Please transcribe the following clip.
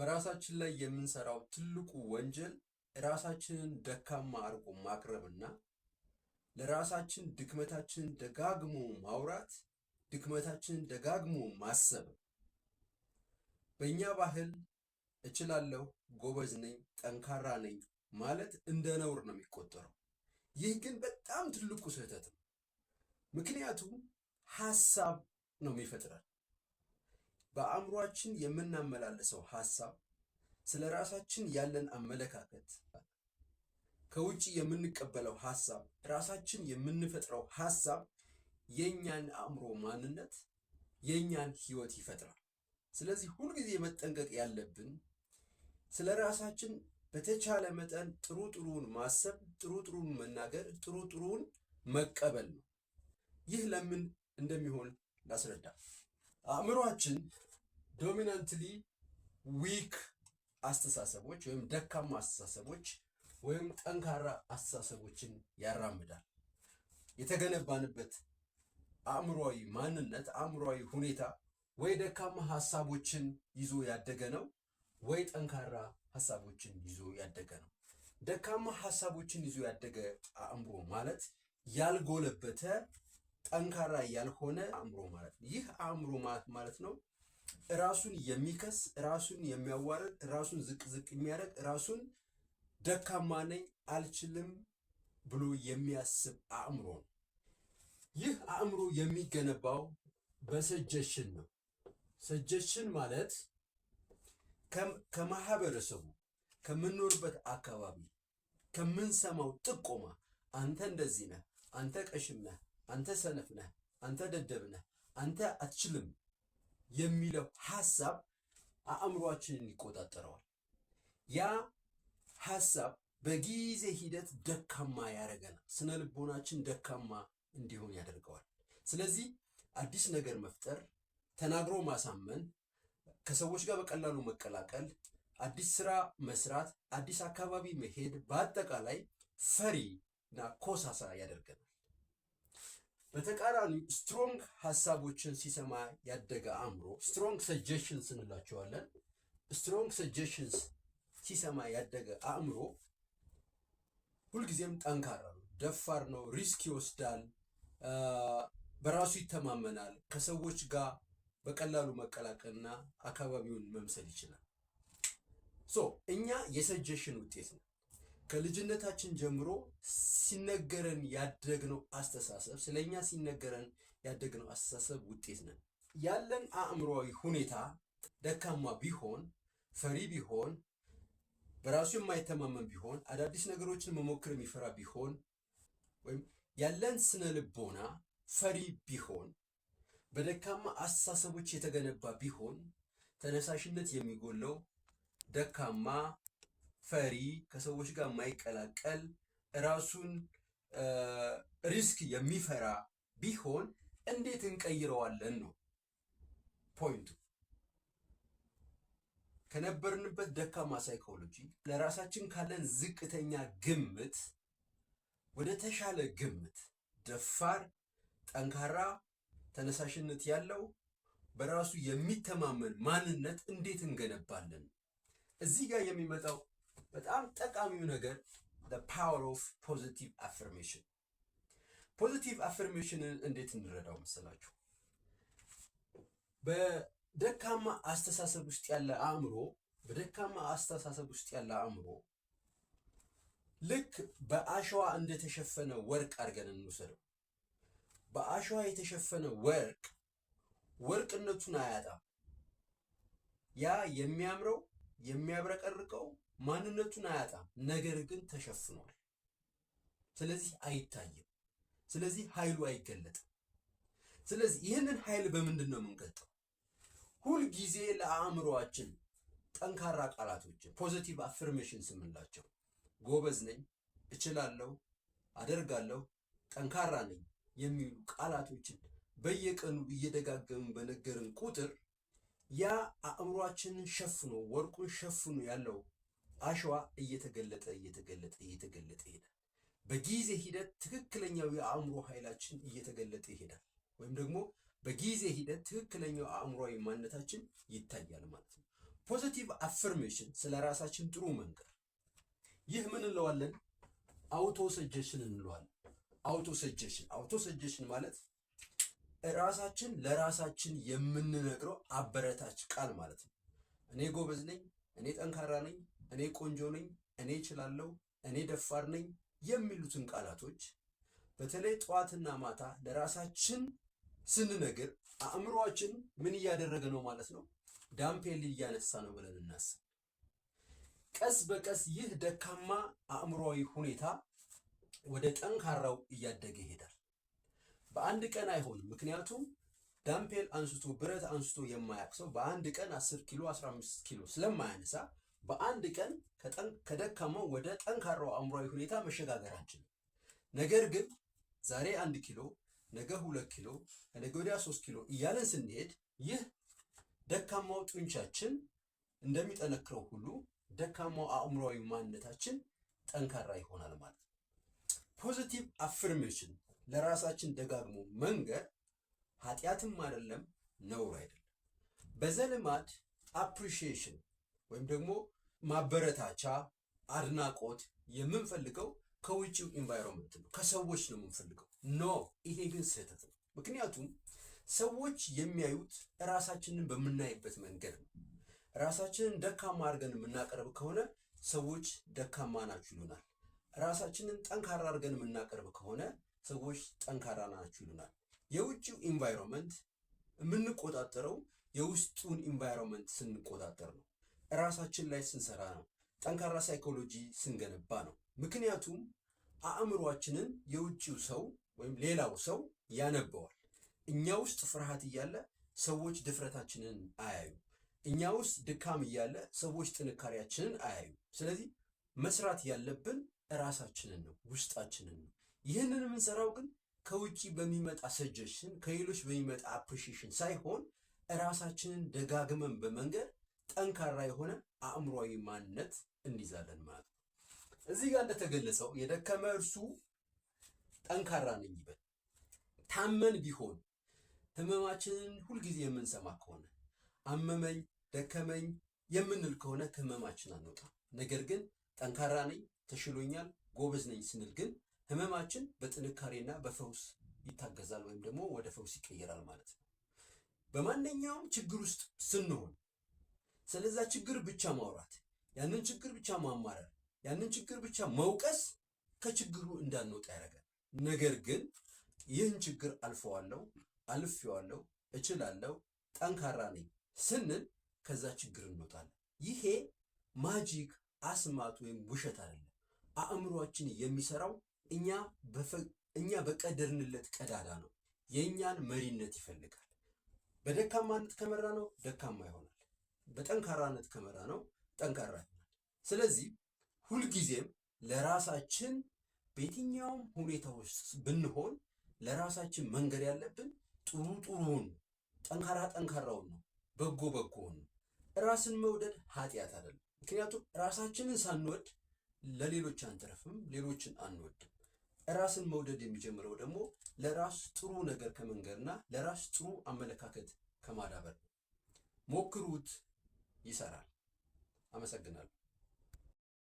በራሳችን ላይ የምንሰራው ትልቁ ወንጀል ራሳችንን ደካማ አድርጎ ማቅረብና ለራሳችን ድክመታችንን ደጋግሞ ማውራት፣ ድክመታችንን ደጋግሞ ማሰብ። በእኛ ባህል እችላለሁ፣ ጎበዝ ነኝ፣ ጠንካራ ነኝ ማለት እንደ ነውር ነው የሚቆጠረው። ይህ ግን በጣም ትልቁ ስህተት ነው። ምክንያቱም ሀሳብ ነው የሚፈጥረን በአእምሯችን የምናመላለሰው ሀሳብ፣ ስለ ራሳችን ያለን አመለካከት፣ ከውጭ የምንቀበለው ሀሳብ፣ ራሳችን የምንፈጥረው ሀሳብ የእኛን አእምሮ ማንነት፣ የእኛን ህይወት ይፈጥራል። ስለዚህ ሁልጊዜ መጠንቀቅ ያለብን ስለ ራሳችን በተቻለ መጠን ጥሩ ጥሩውን ማሰብ፣ ጥሩ ጥሩውን መናገር፣ ጥሩ ጥሩውን መቀበል ነው። ይህ ለምን እንደሚሆን ላስረዳ። አእምሯችን ዶሚናንትሊ ዊክ አስተሳሰቦች ወይም ደካማ አስተሳሰቦች ወይም ጠንካራ አስተሳሰቦችን ያራምዳል። የተገነባንበት አእምሯዊ ማንነት አእምሯዊ ሁኔታ ወይ ደካማ ሀሳቦችን ይዞ ያደገ ነው፣ ወይ ጠንካራ ሀሳቦችን ይዞ ያደገ ነው። ደካማ ሀሳቦችን ይዞ ያደገ አእምሮ ማለት ያልጎለበተ ጠንካራ ያልሆነ አእምሮ ማለት ነው። ይህ አእምሮ ማለት ነው ራሱን የሚከስ ራሱን የሚያዋርድ ራሱን ዝቅ ዝቅ የሚያደርግ ራሱን ደካማ ነኝ አልችልም ብሎ የሚያስብ አእምሮ ነው። ይህ አእምሮ የሚገነባው በሰጀሽን ነው። ሰጀሽን ማለት ከማህበረሰቡ ከምንኖርበት አካባቢ ከምንሰማው ጥቆማ አንተ እንደዚህ ነህ፣ አንተ ቀሽም ነህ አንተ ሰነፍ ነህ፣ አንተ ደደብ ነህ፣ አንተ አትችልም የሚለው ሐሳብ አእምሯችንን ይቆጣጠረዋል። ያ ሐሳብ በጊዜ ሂደት ደካማ ያደርገናል። ስነ ልቦናችን ደካማ እንዲሆን ያደርገዋል። ስለዚህ አዲስ ነገር መፍጠር፣ ተናግሮ ማሳመን፣ ከሰዎች ጋር በቀላሉ መቀላቀል፣ አዲስ ስራ መስራት፣ አዲስ አካባቢ መሄድ በአጠቃላይ ፈሪ እና ኮሳሳ ያደርገናል። በተቃራኒው ስትሮንግ ሀሳቦችን ሲሰማ ያደገ አእምሮ ስትሮንግ ሰጀሽንስ እንላቸዋለን። ስትሮንግ ሰጀሽንስ ሲሰማ ያደገ አእምሮ ሁልጊዜም ጠንካራ ነው፣ ደፋር ነው፣ ሪስክ ይወስዳል፣ በራሱ ይተማመናል፣ ከሰዎች ጋር በቀላሉ መቀላቀልና አካባቢውን መምሰል ይችላል። ሶ እኛ የሰጀሽን ውጤት ነው። ከልጅነታችን ጀምሮ ሲነገረን ያደግነው አስተሳሰብ ስለኛ ሲነገረን ያደግነው አስተሳሰብ ውጤት ነን። ያለን አእምሯዊ ሁኔታ ደካማ ቢሆን፣ ፈሪ ቢሆን፣ በራሱ የማይተማመን ቢሆን፣ አዳዲስ ነገሮችን መሞከር የሚፈራ ቢሆን ወይም ያለን ስነ ልቦና ፈሪ ቢሆን፣ በደካማ አስተሳሰቦች የተገነባ ቢሆን ተነሳሽነት የሚጎለው ደካማ ፈሪ፣ ከሰዎች ጋር የማይቀላቀል ራሱን ሪስክ የሚፈራ ቢሆን እንዴት እንቀይረዋለን ነው ፖይንቱ። ከነበርንበት ደካማ ሳይኮሎጂ ለራሳችን ካለን ዝቅተኛ ግምት ወደ ተሻለ ግምት ደፋር፣ ጠንካራ፣ ተነሳሽነት ያለው በራሱ የሚተማመን ማንነት እንዴት እንገነባለን? እዚህ ጋር የሚመጣው በጣም ጠቃሚው ነገር ፓወር ኦፍ ፖዚቲቭ አፍርሜሽን። ፖዚቲቭ አፍርሜሽንን እንዴት እንረዳው መሰላችሁ? በደካማ አስተሳሰብ ውስጥ ያለ አእምሮ በደካማ አስተሳሰብ ውስጥ ያለ አእምሮ ልክ በአሸዋ እንደተሸፈነ ወርቅ አድርገን እንውሰደው። በአሸዋ የተሸፈነ ወርቅ ወርቅነቱን አያጣም። ያ የሚያምረው የሚያብረቀርቀው ማንነቱን አያጣም፣ ነገር ግን ተሸፍኗል። ስለዚህ አይታይም። ስለዚህ ኃይሉ አይገለጥም። ስለዚህ ይህንን ኃይል በምንድን ነው የምንገልጠው? ሁልጊዜ ለአእምሮአችን ጠንካራ ቃላቶችን ፖዘቲቭ አፍርሜሽን ስንላቸው ጎበዝ ነኝ፣ እችላለሁ፣ አደርጋለሁ፣ ጠንካራ ነኝ የሚሉ ቃላቶችን በየቀኑ እየደጋገምን በነገርን ቁጥር ያ አእምሯችንን ሸፍኖ ወርቁን ሸፍኖ ያለው አሸዋ እየተገለጠ እየተገለጠ እየተገለጠ ይሄዳል። በጊዜ ሂደት ትክክለኛው የአእምሮ ኃይላችን እየተገለጠ ይሄዳል። ወይም ደግሞ በጊዜ ሂደት ትክክለኛው አእምሯዊ ማንነታችን ይታያል ማለት ነው። ፖዚቲቭ አፍርሜሽን ስለ ራሳችን ጥሩ መንገር፣ ይህ ምን እንለዋለን? አውቶ ሰጀሽን እንለዋለን። አውቶ ሰጀሽን አውቶ ሰጀሽን ማለት ራሳችን ለራሳችን የምንነግረው አበረታች ቃል ማለት ነው። እኔ ጎበዝ ነኝ፣ እኔ ጠንካራ ነኝ እኔ ቆንጆ ነኝ፣ እኔ እችላለሁ፣ እኔ ደፋር ነኝ የሚሉትን ቃላቶች በተለይ ጠዋትና ማታ ለራሳችን ስንነግር አእምሯችን ምን እያደረገ ነው ማለት ነው? ዳምፔል እያነሳ ነው ብለን እናስብ። ቀስ በቀስ ይህ ደካማ አእምሯዊ ሁኔታ ወደ ጠንካራው እያደገ ይሄዳል። በአንድ ቀን አይሆንም። ምክንያቱም ዳምፔል አንስቶ ብረት አንስቶ የማያውቅ ሰው በአንድ ቀን 10 ኪሎ 15 ኪሎ ስለማያነሳ በአንድ ቀን ከደካማው ወደ ጠንካራው አእምሯዊ ሁኔታ መሸጋገር አንችልም። ነገር ግን ዛሬ አንድ ኪሎ ነገ ሁለት ኪሎ ነገ ወዲያ ሶስት ኪሎ እያለን ስንሄድ ይህ ደካማው ጡንቻችን እንደሚጠነክረው ሁሉ ደካማው አእምሯዊ ማንነታችን ጠንካራ ይሆናል ማለት ነው። ፖዚቲቭ አፍርሜሽን ለራሳችን ደጋግሞ መንገር ኃጢአትም አይደለም፣ ነውር አይደለም። በዘልማድ አፕሪሺዬሽን ወይም ደግሞ ማበረታቻ፣ አድናቆት የምንፈልገው ከውጭው ኢንቫይሮንመንት ነው፣ ከሰዎች ነው የምንፈልገው። ኖ ይሄ ግን ስህተት ነው። ምክንያቱም ሰዎች የሚያዩት ራሳችንን በምናይበት መንገድ ነው። ራሳችንን ደካማ አድርገን የምናቀርብ ከሆነ ሰዎች ደካማ ናችሁ ይሉናል። ራሳችንን ጠንካራ አድርገን የምናቀርብ ከሆነ ሰዎች ጠንካራ ናችሁ ይሉናል። የውጭው ኢንቫይሮንመንት የምንቆጣጠረው የውስጡን ኢንቫይሮንመንት ስንቆጣጠር ነው። ራሳችን ላይ ስንሰራ ነው። ጠንካራ ሳይኮሎጂ ስንገነባ ነው። ምክንያቱም አእምሯችንን የውጭው ሰው ወይም ሌላው ሰው ያነበዋል። እኛ ውስጥ ፍርሃት እያለ ሰዎች ድፍረታችንን አያዩ። እኛ ውስጥ ድካም እያለ ሰዎች ጥንካሬያችንን አያዩ። ስለዚህ መስራት ያለብን እራሳችንን ነው፣ ውስጣችንን ነው። ይህንን የምንሰራው ግን ከውጭ በሚመጣ ሰጀሽን፣ ከሌሎች በሚመጣ አፕሪሺሽን ሳይሆን እራሳችንን ደጋግመን በመንገድ ጠንካራ የሆነ አእምሯዊ ማንነት እንይዛለን ማለት ነው። እዚህ ጋር እንደተገለጸው የደከመ እርሱ ጠንካራ ነኝ ይበል። ታመን ቢሆን ህመማችንን ሁልጊዜ የምንሰማ ከሆነ አመመኝ፣ ደከመኝ የምንል ከሆነ ከህመማችን አንወጣ። ነገር ግን ጠንካራ ነኝ፣ ተሽሎኛል፣ ጎበዝ ነኝ ስንል ግን ህመማችን በጥንካሬና በፈውስ ይታገዛል ወይም ደግሞ ወደ ፈውስ ይቀየራል ማለት ነው። በማንኛውም ችግር ውስጥ ስንሆን ስለዛ ችግር ብቻ ማውራት፣ ያንን ችግር ብቻ ማማረር፣ ያንን ችግር ብቻ መውቀስ ከችግሩ እንዳንወጣ ያደርጋል። ነገር ግን ይህን ችግር አልፈዋለሁ፣ አልፌዋለሁ፣ እችላለሁ፣ ጠንካራ ነኝ ስንል ከዛ ችግር እንወጣለን። ይሄ ማጂክ አስማት ወይም ውሸት አይደለም። አእምሯችን የሚሰራው እኛ እኛ በቀደርንለት ቀዳዳ ነው። የእኛን መሪነት ይፈልጋል። በደካማነት ከመራ ነው ደካማ ይሆናል። በጠንካራነት ከመራ ነው ጠንካራ ይሆናል። ስለዚህ ሁልጊዜም ለራሳችን በየትኛውም ሁኔታዎች ብንሆን ለራሳችን መንገድ ያለብን ጥሩ ጥሩውን ጠንካራ ጠንካራውን ነው፣ በጎ በጎውን ነው። ራስን መውደድ ኃጢአት አይደለም። ምክንያቱም ራሳችንን ሳንወድ ለሌሎች አንተረፍም፣ ሌሎችን አንወድም። ራስን መውደድ የሚጀምረው ደግሞ ለራስ ጥሩ ነገር ከመንገርና ለራስ ጥሩ አመለካከት ከማዳበር ነው። ሞክሩት። ይሰራል። አመሰግናለሁ።